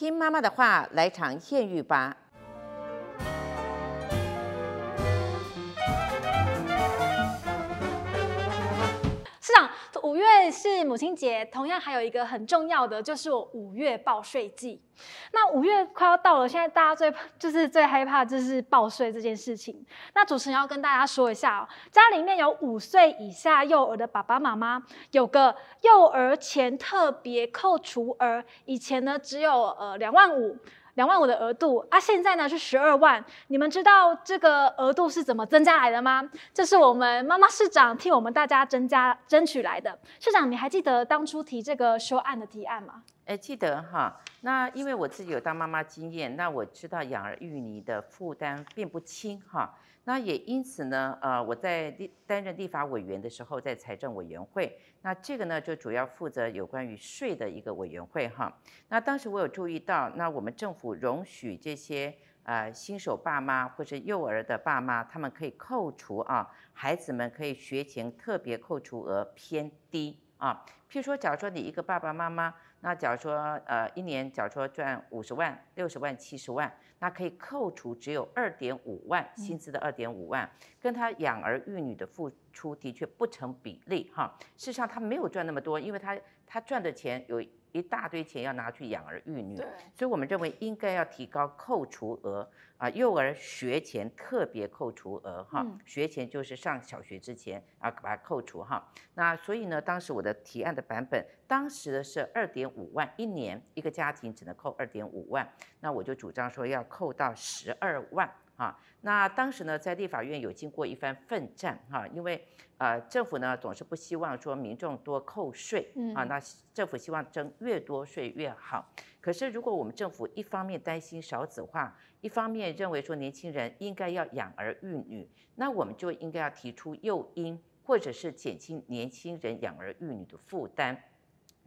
聽媽媽的話，來場艷遇吧。是母親節，同樣還有一個很重要的就是我五月報稅季。那五月快要到了，現在大家最就是最害怕的就是報稅這件事情。那主持人要跟大家說一下哦，家裡面有五歲以下幼兒的爸爸媽媽有個幼兒前特別扣除額，以前呢只有呃兩萬五。兩萬五的額度啊，現在呢是十二萬。你們知道這個額度是怎麼增加來的嗎？這是我們媽媽市長替我們大家增加爭取來的。市長，你還記得當初提這個修案的提案嗎？哎，記得哈。那因為我自己有當媽媽經驗，那我知道養兒育女的負擔並不輕哈。那也因此呢，呃，我在立擔任立法委員的時候，在財政委員會，那這個呢就主要負責有關於稅的一個委員會哈。那當時我有注意到，那我們政府容許這些呃新手爸媽或者幼兒的爸媽，他們可以扣除啊，孩子們可以學前特別扣除額偏低啊。譬如說，假如說你一個爸爸媽媽。那假如說，呃，一年假如說賺五十萬、六十萬、七十萬，那可以扣除只有二點五萬薪資的二點五萬，跟他養兒育女的付出的確不成比例哈。事實上，他沒有賺那麼多，因為他他賺的錢有。一大堆錢要拿去養兒育女，對所以我們認為應該要提高扣除額啊，幼兒學前特別扣除額哈，嗯、學前就是上小學之前啊，把它扣除哈。那所以呢，當時我的提案的版本，當時的是二點五萬一年，一個家庭只能扣二點五萬，那我就主張說要扣到十二萬。啊，那當時呢，在立法院有經過一番奮戰啊，因為呃，政府呢總是不希望說民眾多扣稅，啊，那政府希望徵越多稅越好。可是如果我們政府一方面擔心少子化，一方面認為說年輕人應該要養兒育女，那我們就應該要提出誘因，或者是減輕年輕人養兒育女的負擔。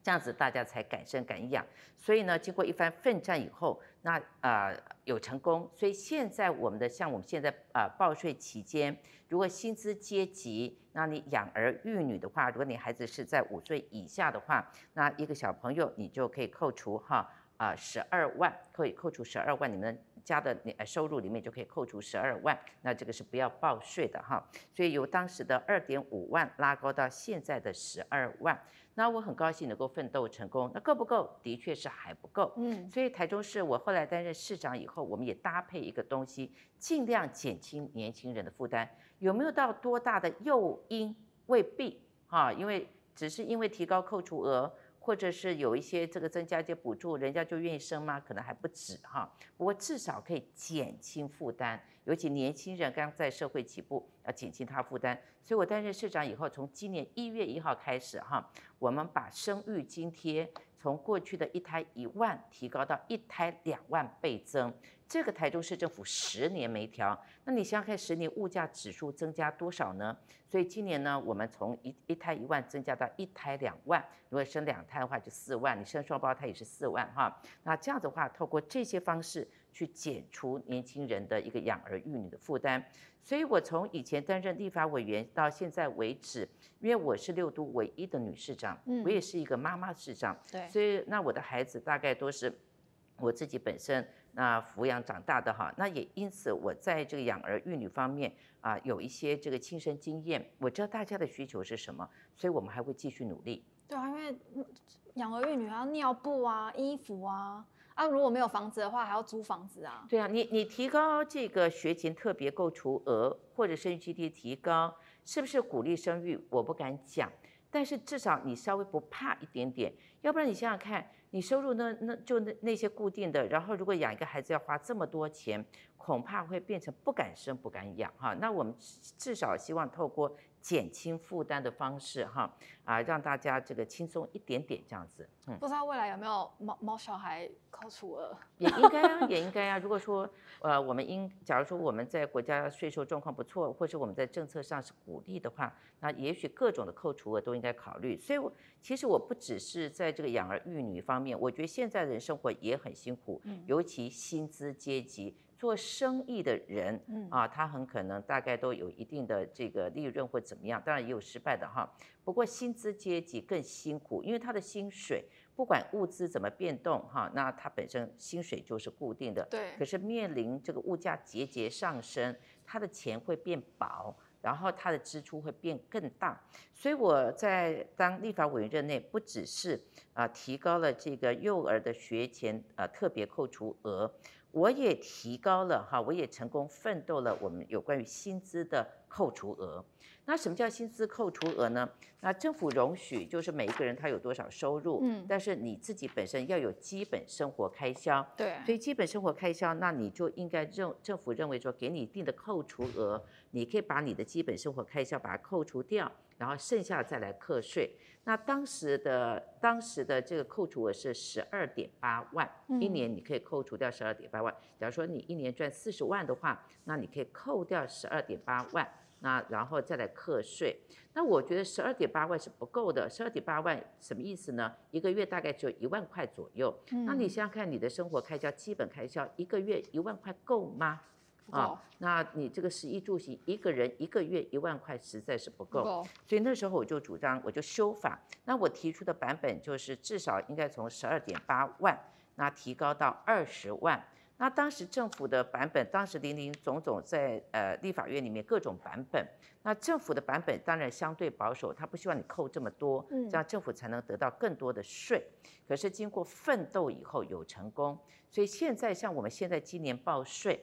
這樣子大家才敢生敢養，所以呢，經過一番奮戰以後，那啊、呃、有成功，所以現在我們的像我們現在啊、呃、報稅期間，如果薪資階級，那你養兒育女的話，如果你孩子是在五歲以下的話，那一個小朋友你就可以扣除哈啊十二萬可以扣除十二萬，你們。家的呃收入裡面就可以扣除十二萬，那這個是不要報稅的哈，所以由當時的二點五萬拉高到現在的十二萬，那我很高興能夠奮鬥成功。那夠不夠？的確是還不夠，嗯，所以台中市我後來擔任市長以後，我們也搭配一個東西，儘量減輕年輕人的負擔。有沒有到多大的誘因？未必哈，因為只是因為提高扣除額。或者是有一些這個增加一些補助，人家就願意生嗎？可能還不止哈。不過至少可以減輕負擔，尤其年輕人剛在社會起步，要減輕他負擔。所以，我擔任市長以後，從今年一月一號開始哈，我們把生育津貼。從過去的一胎一萬提高到一胎兩萬，倍增。這個台中市政府十年沒調，那你想想看十年物價指數增加多少呢？所以今年呢，我們從一一胎一萬增加到一胎兩萬。如果生兩胎的話就四萬，你生雙胞胎也是四萬哈。那這樣子的話，透過這些方式。去減除年輕人的一個養兒育女的負擔，所以，我從以前擔任立法委員到現在為止，因為我是六都唯一的女市長，嗯，我也是一個媽媽市長，對，所以，那我的孩子大概都是我自己本身那撫養長大的哈，那也因此，我在這個養兒育女方面啊，呃，有一些這個親身經驗，我知道大家的需求是什麼，所以我們還會繼續努力。對啊，因為養兒育女啊，要尿布啊，衣服啊。啊，如果沒有房子的話，還要租房子啊。對啊，你你提高這個學前特別扣除額，或者生育津貼提高，是不是鼓勵生育？我不敢講，但是至少你稍微不怕一點點，要不然你想想看。你收入，那那就那那些固定的。然後如果養一個孩子要花這麼多錢，恐怕會變成不敢生，不敢養哈。那我們至少希望透過減輕負擔的方式哈啊，讓大家這個輕鬆一點點這樣子。嗯，不知道未來有沒有貓貓小孩扣除額？ 也應該啊，也應該啊。如果說呃，我們應假如說我們在國家稅收狀況不錯，或者我們在政策上是鼓勵的話，那也許各種的扣除額都應該考慮。所以我，其實我不只是在這個養兒育女方面。我覺得現在人生活也很辛苦，嗯，尤其薪資階級做生意的人，嗯，啊，他很可能大概都有一定的這個利潤或怎麼樣，當然也有失敗的哈。不過薪資階級更辛苦，因為他的薪水不管物資怎麼變動哈，那他本身薪水就是固定的，對。可是面臨這個物價節節上升，他的錢會變薄。然後他的支出會變更大，所以我在當立法委員任內不只是啊提高了這個幼兒的學前啊特別扣除額。我也提高了哈，我也成功奮鬥了。我們有關於薪資的扣除額，那什麼叫薪資扣除額呢？那政府容許就是每一個人他有多少收入，嗯，但是你自己本身要有基本生活開銷，對，所以基本生活開銷，那你就應該認，政府認為說給你一定的扣除額，你可以把你的基本生活開銷把它扣除掉，然後剩下再來課稅。那當時的當時的這個扣除額是十二點八萬，一年你可以扣除掉十二點八萬。假如說你一年賺四十萬的話，那你可以扣掉十二點八萬，那然後再來課稅。那我覺得十二點八萬是不夠的，十二點八萬什麼意思呢？一個月大概就一萬塊左右。那你想想看，你的生活開銷、基本開銷，一個月一萬塊夠嗎？啊，oh, oh. 那你這個食衣住行，一個人一個月一萬塊實在是不夠，oh. 所以那時候我就主張，我就修法。那我提出的版本就是至少應該從十二點八萬，那提高到二十萬。那當時政府的版本，當時林林總總在呃立法院裡面各種版本。那政府的版本當然相對保守，他不希望你扣這麼多，這樣政府才能得到更多的稅。Mm. 可是經過奮鬥以後有成功，所以現在像我們現在今年報稅。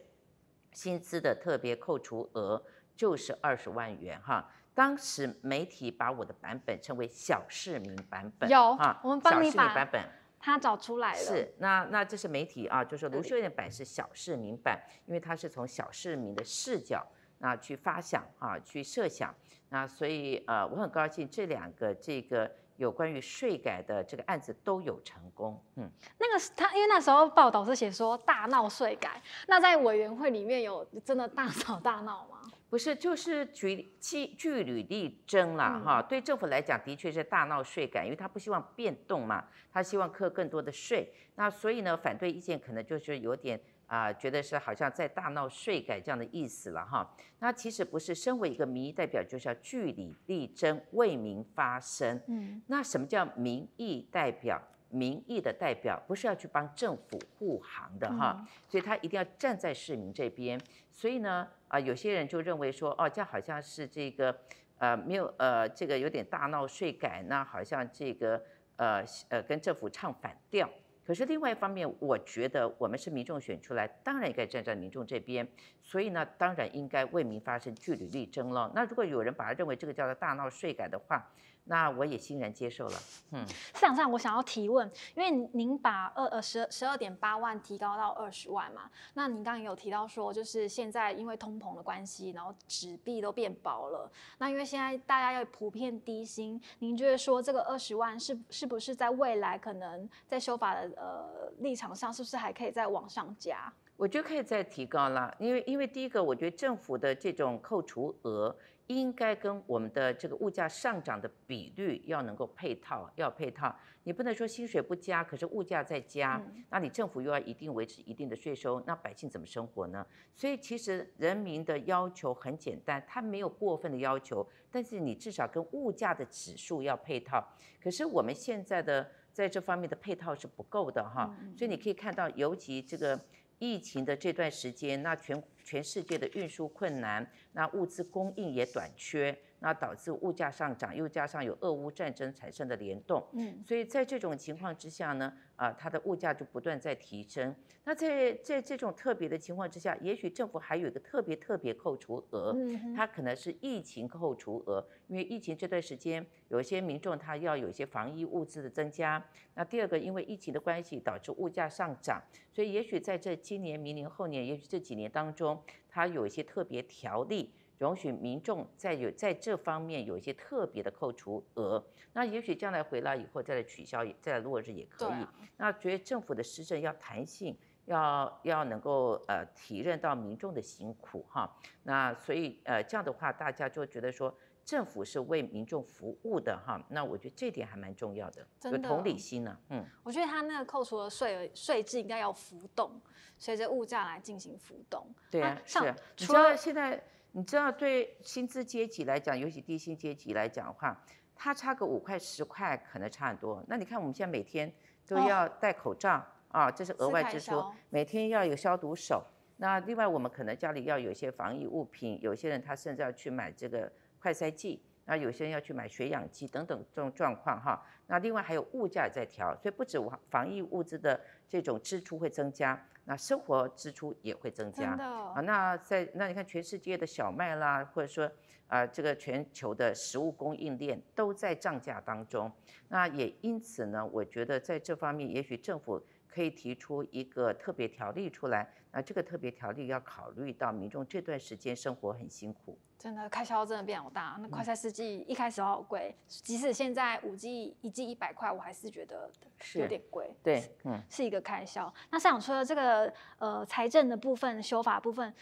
薪資的特別扣除額就是二十萬元哈。當時媒體把我的版本稱為“小市民版本”，有啊，我們幫你把版本它找出來了。是那，那這是媒體啊，就是盧秀燕版是“小市民版”，里因為它是從小市民的視角那去發想啊，去設想。那所以呃，我很高興這兩個這個。有關於稅改的這個案子都有成功，嗯，那個他因為那時候報道是寫說大鬧稅改，那在委員會裡面有真的大吵大鬧嗎？不是，就是據據據理力爭了哈、嗯啊。對政府來講，的確是大鬧稅改，因為他不希望變動嘛，他希望課更多的稅，那所以呢，反對意見可能就是有點。啊，覺得是好像在大鬧稅改這樣的意思了哈。那其實不是，身為一個民意代表，就是要據理力爭、為民發聲。嗯，那什麼叫民意代表？民意的代表不是要去幫政府護航的哈，所以他一定要站在市民這邊。所以呢，啊，有些人就認為說，哦，這好像是這個，呃，沒有，呃，這個有點大鬧稅改，那好像這個，呃，呃，跟政府唱反調。可是另外一方面，我覺得我們是民眾選出來，當然應該站在民眾這邊，所以呢，當然應該為民發聲，據理力爭了。那如果有人把他認為這個叫做大鬧稅改的話，那我也欣然接受了。嗯，市長我想要提問，因為您把二呃十十二點八萬提高到二十萬嘛，那您剛剛有提到說，就是現在因為通膨的關係，然後紙幣都變薄了。那因為現在大家要普遍低薪，您覺得說這個二十萬是是不是在未來可能在修法的呃立場上，是不是還可以再往上加？我覺得可以再提高啦，因為因為第一個，我覺得政府的這種扣除額。應該跟我們的這個物價上漲的比率要能夠配套，要配套。你不能說薪水不加，可是物價在加，那你政府又要一定維持一定的稅收，那百姓怎麼生活呢？所以其實人民的要求很簡單，他沒有過分的要求，但是你至少跟物價的指數要配套。可是我們現在的在這方面的配套是不夠的哈，所以你可以看到，尤其這個疫情的這段時間，那全。全世界的運輸困難，那物資供應也短缺，那導致物價上漲，又加上有俄烏戰爭產生的聯動，嗯，所以在這種情況之下呢，啊，它的物價就不斷在提升。那在在這種特別的情況之下，也許政府還有一個特別特別扣除額，它可能是疫情扣除額，因為疫情這段時間，有些民眾他要有一些防疫物資的增加。那第二個，因為疫情的關係導致物價上漲，所以也許在這今年、明年、後年，也許這幾年當中。它有一些特別條例，容許民眾在有在這方面有一些特別的扣除額。那也許將來回來以後再來取消，再來落日也可以。對啊,那覺得政府的施政要彈性，要要能夠呃體認到民眾的辛苦哈。那所以呃這樣的話，大家就覺得說。政府是為民眾服務的哈，那我覺得這點還蠻重要的，的有同理心呢、啊。嗯，我覺得他那個扣除的稅稅制應該要浮動，隨着物價來進行浮動。對啊，是。除了你知道現在，你知道對薪資階級來講，尤其低薪階級來講的話，他差個五塊十塊可能差很多。那你看我們現在每天都要戴口罩啊，哦、這是額外支出；每天要有消毒手，那另外我們可能家裡要有一些防疫物品，有些人他甚至要去買這個。快篩劑，那有些人要去買血氧機、等等這種狀況哈。那另外還有物價也在調，所以不止防防疫物資的這種支出會增加，那生活支出也會增加、哦、那在那你看全世界的小麥啦，或者說啊、呃、這個全球的食物供應鏈都在漲價當中。那也因此呢，我覺得在這方面也許政府。可以提出一個特別條例出來，那這個特別條例要考慮到民眾這段時間生活很辛苦，真的開銷真的變好大。那快三四 G 一開始好貴，嗯、即使現在五 G 一 G 一百塊，我還是覺得是有點貴。是是對，嗯是，是一個開銷。那想說這個呃財政的部分修法部分，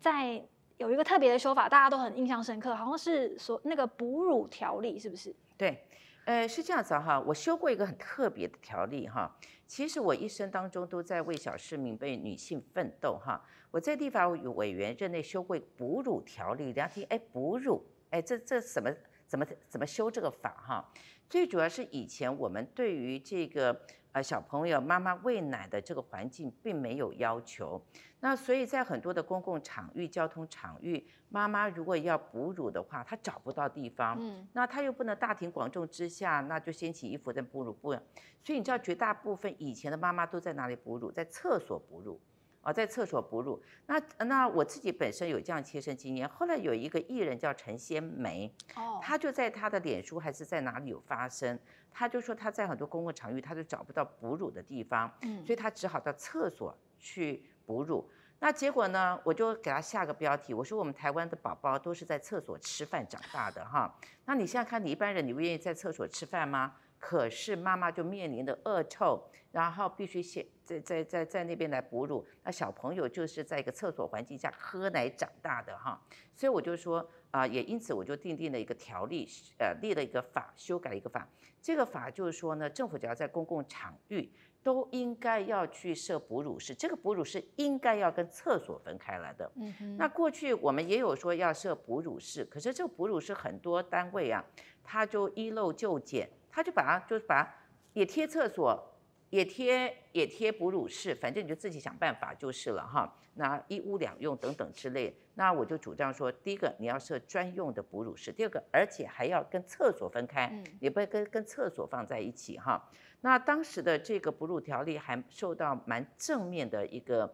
在有一個特別的修法，大家都很印象深刻，好像是說那個哺乳條例是不是？對。呃，是這樣子哈，我修過一個很特別的條例哈。其實我一生當中都在為小市民、為女性奮鬥哈。我在立法委員任內修過一個哺乳條例，然後聽哎哺乳哎這這怎麼怎麼怎麼修這個法哈？最主要是以前我們對於這個。小朋友媽媽餵奶的這個環境並沒有要求，那所以在很多的公共場域、交通場域，媽媽如果要哺乳的話，她找不到地方，嗯，那她又不能大庭廣眾之下，那就掀起衣服再哺乳不？所以你知道，絕大部分以前的媽媽都在哪裡哺乳？在廁所哺乳。啊，在廁所哺乳。那那我自己本身有這樣切身經驗。後來有一個藝人叫陳仙梅，她、oh. 就在她的臉書還是在哪裡有發聲，她就說她在很多公共場域，她都找不到哺乳的地方，所以她只好到廁所去哺乳。Mm. 那結果呢，我就給她下個標題，我說我們台灣的寶寶都是在廁所吃飯長大的哈。那你現在看你一般人，你不願意在廁所吃飯嗎？可是媽媽就面臨的惡臭，然後必須先在在在在那邊來哺乳，那小朋友就是在一個廁所環境下喝奶長大的哈，所以我就說啊，也因此我就訂定了一個條例，呃，立了一個法，修改了一個法。這個法就是說呢，政府只要在公共場域都應該要去設哺乳室，這個哺乳室應該要跟廁所分開來的。嗯，那過去我們也有說要設哺乳室，可是這個哺乳室很多單位啊，它就一漏就撿。他就把它就是把也貼廁所，也貼也貼哺乳室，反正你就自己想辦法就是了哈。那一屋兩用等等之類，那我就主張說，第一個你要設專用的哺乳室，第二個而且還要跟廁所分開。嗯，你不要跟跟廁所放在一起哈。那當時的這個哺乳條例還受到蠻正面的一個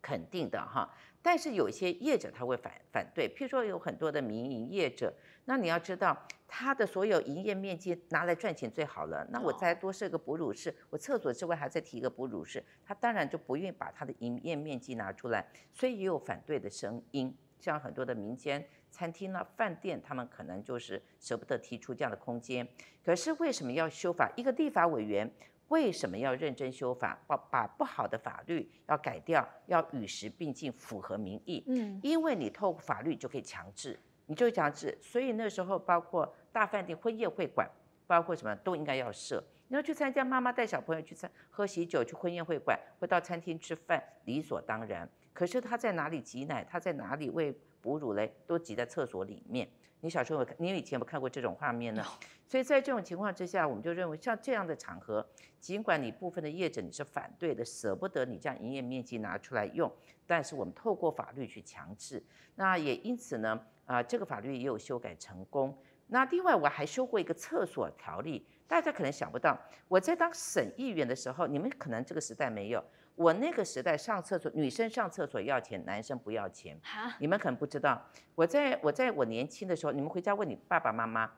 肯定的哈，但是有一些業者他會反反對，譬如說有很多的民營業者。那你要知道，他的所有營業面積拿來賺錢最好了。那我再多設個哺乳室，我廁所之外還再提一個哺乳室，他當然就不願意把他的營業面積拿出來，所以也有反對的聲音。像很多的民間餐廳呢、飯店，他們可能就是捨不得提出這樣的空間。可是為什麼要修法？一個立法委員為什麼要認真修法？把把不好的法律要改掉，要與時並進，符合民意。嗯，因為你透過法律就可以強制。你就強制，所以那時候包括大飯店、婚宴會館，包括什麼都應該要設。你要去參加媽媽帶小朋友去喝喜酒，去婚宴會館，會到餐廳吃飯，理所當然。可是他在哪裡擠奶？他在哪裡餵哺乳嘞？都擠在廁所裡面。你小時候，你以前有沒有看過這種畫面呢？所以在這種情況之下，我們就認為像這樣的場合，儘管你部分的業者你是反對的，捨不得你將營業面積拿出來用，但是我們透過法律去強制。那也因此呢？啊，這個法律也有修改成功。那另外我還修過一個廁所條例。大家可能想不到，我在當省議員的時候，你們可能這個時代沒有，我那個時代上廁所，女生上廁所要錢，男生不要錢。Huh? 你們可能不知道，我在我在我年輕的時候，你們回家問你爸爸媽媽，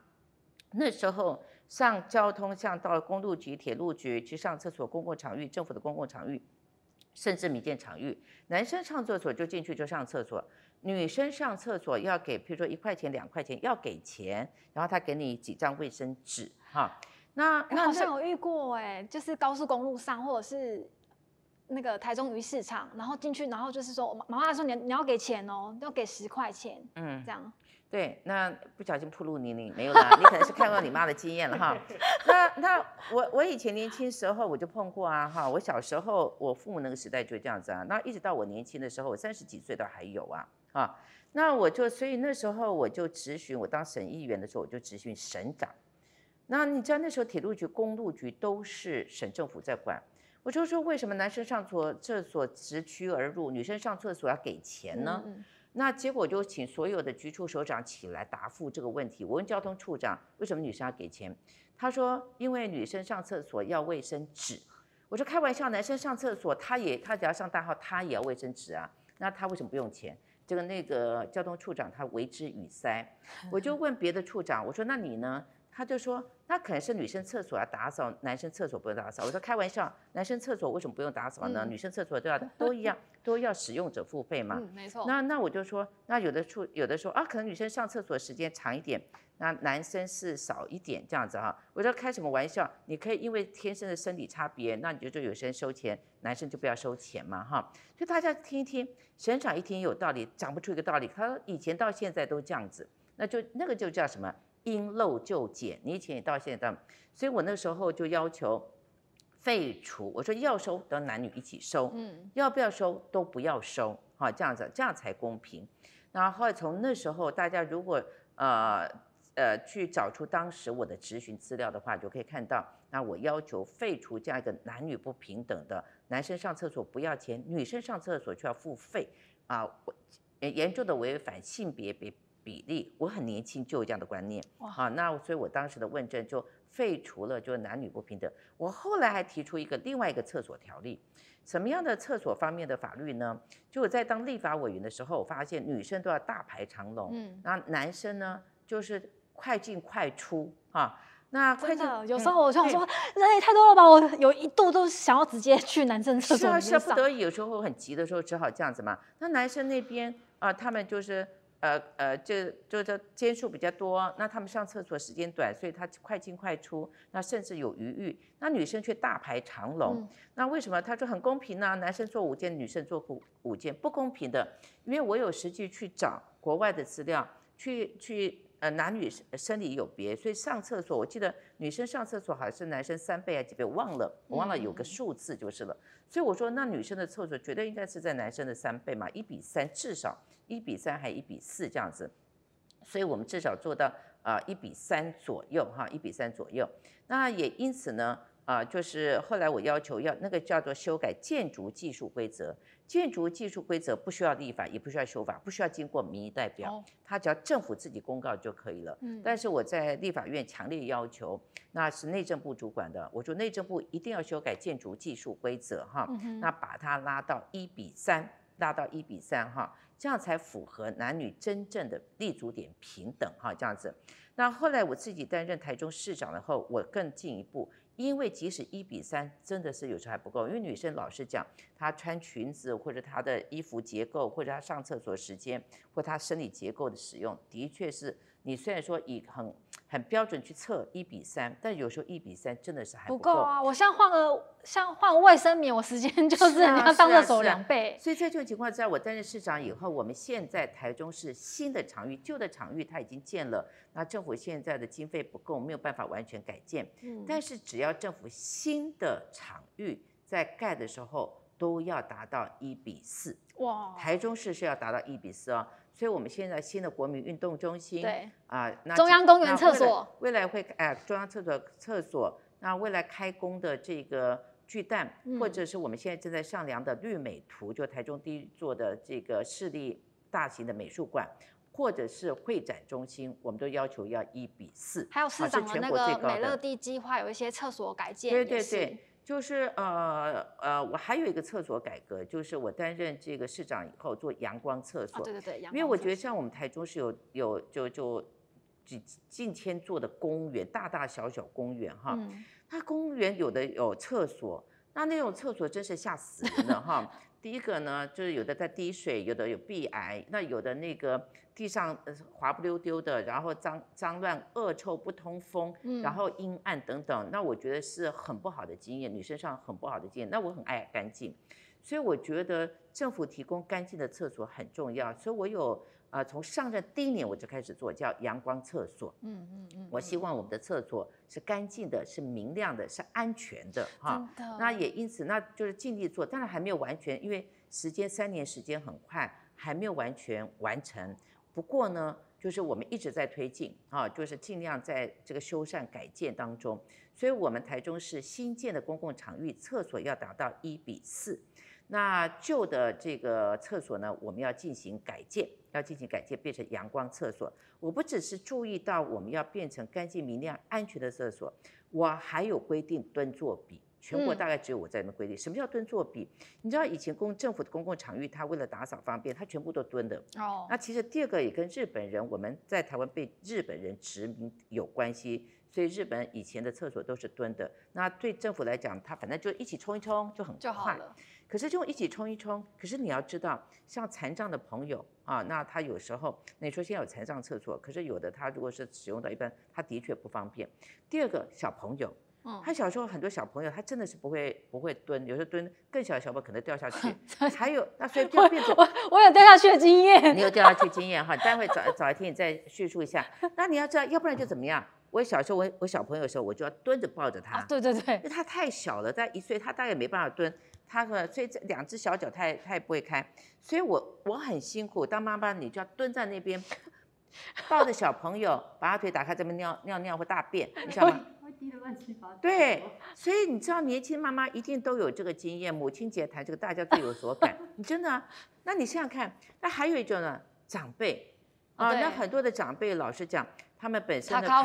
那時候上交通，像到公路局、鐵路局去上廁所，公共場域，政府的公共場域，甚至民間場域，男生上廁所就進去就上廁所。女生上廁所要給，譬如說一塊錢兩塊錢要給錢，然後她給你幾張衛生紙哈。那你、欸、好像有遇過哎、欸，就是高速公路上或者是那個台中魚市場，然後進去，然後就是說，媽媽說你你要給錢哦、喔，要給十塊錢，嗯，這樣。對，那不小心鋪路你，你沒有啦。 你可能是看過你媽的經驗了哈。 那那我我以前年輕時候我就碰過啊哈，我小時候我父母那個時代就這樣子啊，那一直到我年輕的時候，我三十幾歲都還有啊。啊，那我就所以那時候我就質詢，我當省議員的時候我就質詢省長。那你知道那時候鐵路局、公路局都是省政府在管，我就說為什麼男生上廁所廁所直驅而入，女生上廁所要給錢呢？嗯嗯，那結果就請所有的局處首長起來答復這個問題。我問交通處長，為什麼女生要給錢，他說因為女生上廁所要衛生紙。我說開玩笑，男生上廁所他也他只要上大號他也要衛生紙啊，那他為什麼不用錢？這個那個交通處長他為之語塞，我就問別的處長，我說，那你呢？他就說那可能是女生廁所要打掃，男生廁所不用打掃。我說開玩笑，男生廁所為什麼不用打掃呢？女生廁所都要，都一樣，都要使用者付費嘛。沒錯。那那我就說，那有的處有的說啊，可能女生上廁所時間長一點。那男生是少一點這樣子哈，我說開什麼玩笑？你可以因為天生的生理差別，那你就，就有些人收錢，男生就不要收錢嘛哈。所以大家聽一聽，現場一聽有道理，講不出一個道理。他說以前到現在都這樣子，那就那個就叫什麼因陋就簡。你以前也到現在，所以我那時候就要求廢除。我說要收，都男女一起收；嗯，要不要收都不要收哈，這樣子，這樣才公平。然後從那時候，大家如果呃。呃，去找出當時我的質詢資料的話，就可以看到，那我要求廢除這樣一個男女不平等的，男生上廁所不要錢，女生上廁所卻要付費，啊，我嚴重的違反性別比比例。我很年輕就有這樣的觀念，哇啊，那所以我當時的問政就廢除了就男女不平等。我後來還提出一個另外一個廁所條例，什麼樣的廁所方面的法律呢？就我在當立法委員的時候，我發現女生都要大排長龍，嗯，那男生呢就是。快進快出，啊，那快進，真的，有時候我常說，人也對、欸、太多了吧！我有一度都想要直接去男生廁所，是、啊。是、啊，是不得已，有時候很急的時候只好這樣子嘛。那男生那邊啊，他們就是呃呃，這這這間數比較多，那他們上廁所時間短，所以他快進快出，那甚至有餘裕。那女生卻大排長龍，嗯、那為什麼？他說很公平呢、啊？男生做五件，女生做五五件，不公平的。因為我有實際去找國外的資料，去去。呃，男女生生理有別，所以上廁所，我記得女生上廁所好像是男生三倍還幾倍，忘了，我忘了有個數字就是了。所以我說，那女生的廁所絕對應該是在男生的三倍嘛，一比三至少，一比三還一比四這樣子，所以我們至少做到啊一比三左右哈，一比三左右。那也因此呢。啊，呃、就是後來我要求要那個叫做修改建築技術規則。建築技術規則不需要立法，也不需要修法，不需要經過民意代表，它只要政府自己公告就可以了。嗯。但是我在立法院強烈要求，那是內政部主管的，我說內政部一定要修改建築技術規則哈，那把它拉到一比三，拉到一比三哈，這樣才符合男女真正的立足點平等哈，這樣子。那後來我自己擔任台中市長了後，我更進一步。因為即使一比三，真的是有時候還不夠。因為女生老是講，她穿裙子或者她的衣服結構，或者她上廁所時間，或她生理結構的使用，的確是。你雖然說以很很標準去測一比三，但有時候一比三真的是還不夠，不夠啊！我像換個像換個衛生棉，我時間就是你要當着手兩倍，啊啊啊。所以在這種情況下，我擔任市長以後，我們現在台中市新的場域，舊的場域它已經建了，那政府現在的經費不夠，沒有辦法完全改建。嗯，但是只要政府新的場域在蓋的時候，都要達到一比四哇，Wow！台中市是要達到一比四哦，所以我們現在新的國民運動中心，對啊、呃，那，中央公園廁所未來，未來會哎，中央廁所廁所，那未來開工的這個巨蛋，嗯、或者是我們現在正在上梁的綠美圖，就台中第一座的這個市立大型的美術館，或者是會展中心，我們都要求要一比四，還有市長那個美樂地計劃，有一些廁所改建，對對對。就是呃呃，我還有一個廁所改革，就是我擔任這個市長以後做陽光廁所。哦、對對對，因為我覺得像我們台中市有有就就近近千座的公園，大大小小公園哈，嗯、它公園有的有廁所，那那種廁所真是嚇死人了哈。 第一個呢，就是有的在滴水，有的有壁癌，那有的那個地上滑不溜丟的，然後髒髒亂、惡臭、不通風，然後陰暗等等，那我覺得是很不好的經驗，女生上很不好的經驗。那我很愛乾淨，所以我覺得政府提供乾淨的廁所很重要。所以我有。啊，從、呃、上任第一年我就開始做，叫陽光廁所。嗯嗯嗯，嗯嗯我希望我們的廁所是乾淨的，是明亮的，是安全的。真的、哦。那也因此，那就是盡力做，當然還沒有完全，因為時間三年，時間很快，還沒有完全完成。不過呢，就是我們一直在推進啊、哦，就是盡量在這個修繕改建當中。所以，我們台中市新建的公共場域廁所要達到一比四。那舊的這個廁所呢，我們要進行改建，要進行改建變成陽光廁所。我不只是注意到我們要變成乾淨、明亮、安全的廁所，我還有規定蹲坐比。全國大概只有我在那邊規定。什麼叫蹲坐比？你知道以前公政府的公共場域，他為了打掃方便，他全部都蹲的。哦。那其實第二個也跟日本人我們在台灣被日本人殖民有關係，所以日本以前的廁所都是蹲的。那對政府來講，他反正就一起沖一沖就很快。可是就一起沖一沖。可是你要知道，像殘障的朋友啊，那他有時候你說先有殘障廁所，可是有的他如果是使用到一般，他的確不方便。第二個小朋友，他小時候很多小朋友，他真的是不會不會蹲，有時候蹲更小的小朋友可能掉下去。還有那所以就變成我，我，我有掉下去的經驗。 你有掉下去經驗哈，待會早早一天你再敘述一下。那你要知道，要不然就怎麼樣？我小時候我我小朋友的時候，我就要蹲着抱着他。啊、對對對，因為他太小了，大概一歲，他大概沒辦法蹲。他說：“所以這兩隻小腳太，他他也不會開，所以我我很辛苦當媽媽，你就要蹲在那邊，抱着小朋友，把她腿打開，這麼尿尿尿或大便，你知道嗎？”會滴得亂七八糟。對，所以你知道，年輕媽媽一定都有這個經驗。母親節談這個，大家都有所感。你真的？那你想想看，那還有一種呢，長輩、oh, 對啊，那很多的長輩，老實講，他們本身的他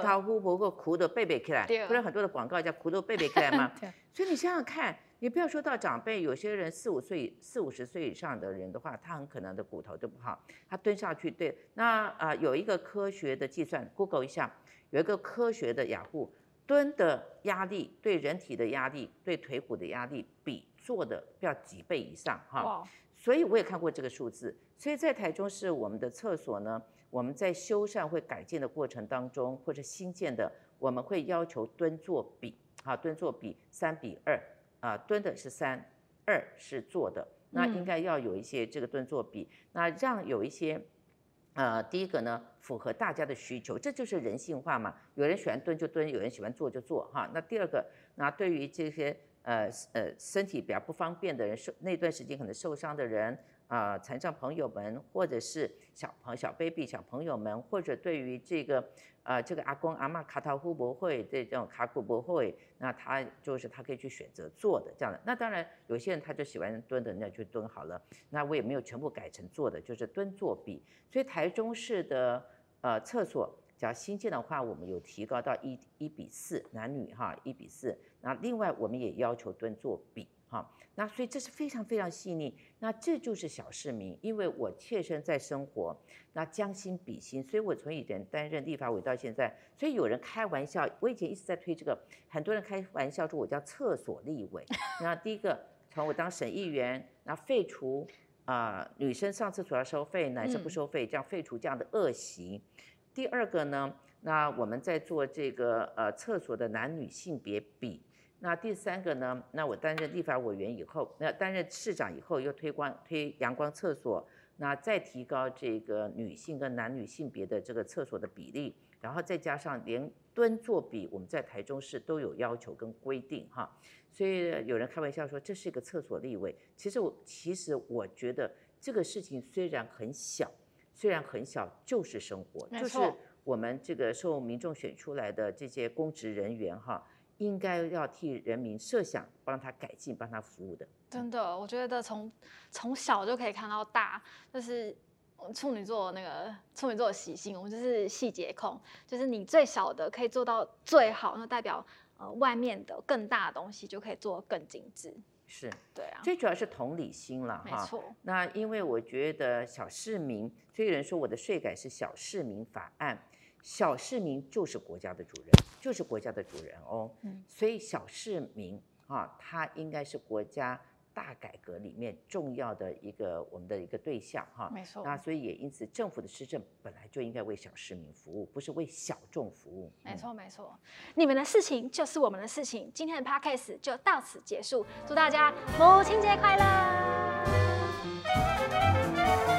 他呼婆婆哭着背背起來，對不然很多的廣告叫哭着背背起來嘛。對所以你想想看。你不要說到長輩，有些人四五歲、四五十歲以上的人的話，他很可能的骨頭都不好。他蹲下去，對，那啊，有一個科學的計算，Google 一下，有一個科學的雅虎，蹲的壓力對人體的壓力、對腿骨的壓力，比坐的要幾倍以上哈、啊。所以我也看過這個數字，所以在台中市我們的廁所呢，我們在修繕、會改建的過程當中，或者新建的，我們會要求蹲坐比，啊，蹲坐比三比二。啊，蹲的是三，二是坐的，那應該要有一些這個蹲坐比，嗯、那讓有一些，呃，第一個呢，符合大家的需求，這就是人性化嘛，有人喜歡蹲就蹲，有人喜歡坐就坐，哈，那第二個，那對於這些呃呃身體比較不方便的人，受那段時間可能受傷的人。啊、呃，殘障朋友們，或者是小朋友小 baby 小朋友們，或者對於這個，呃，這個阿公阿嬤卡套湖博會這種卡套博會，那他就是他可以去選擇坐的這樣的。那當然，有些人他就喜歡蹲的，那就蹲好了。那我也沒有全部改成坐的，就是蹲坐比。所以台中市的呃廁所，只要新建的話，我們有提高到一一比四男女哈，一比四。4, 那另外我們也要求蹲坐比。好，那所以這是非常非常細膩，那這就是小市民，因為我切身在生活，那將心比心，所以我從以前擔任立法委到現在，所以有人開玩笑，我以前一直在推這個，很多人開玩笑說我叫廁所立委。那第一個，從我當省議員，那廢除啊，呃，女生上廁所要收費，男生不收費，這樣廢除這樣的惡習。嗯。第二個呢，那我們在做這個呃廁所的男女性別比。那第三個呢？那我擔任立法委員以後，那擔任市長以後又推光推陽光廁所，那再提高這個女性跟男女性別的這個廁所的比例，然後再加上連蹲坐比，我們在台中市都有要求跟規定哈。所以有人開玩笑說這是一個廁所立委。其實我其實我覺得這個事情雖然很小，雖然很小就是生活，就是我們這個受民眾選出來的這些公職人員哈。應該要替人民設想，幫他改進，幫他服務的。真的，我覺得從從小就可以看到大，就是處女座那個處女座的習性，我們就是細節控，就是你最小的可以做到最好，那代表，呃，外面的更大的東西就可以做更精緻。是對啊，最主要是同理心了，沒錯。那因為我覺得小市民，所以有人說我的稅改是小市民法案。小市民就是國家的主人，就是國家的主人哦。嗯、所以小市民啊，他應該是國家大改革裡面重要的一個我們的一個對象哈、啊。沒錯。那所以也因此，政府的施政本來就應該為小市民服務，不是為小眾服務。沒錯沒錯，你們的事情就是我們的事情。今天的 podcast 就到此結束，祝大家母親節快樂。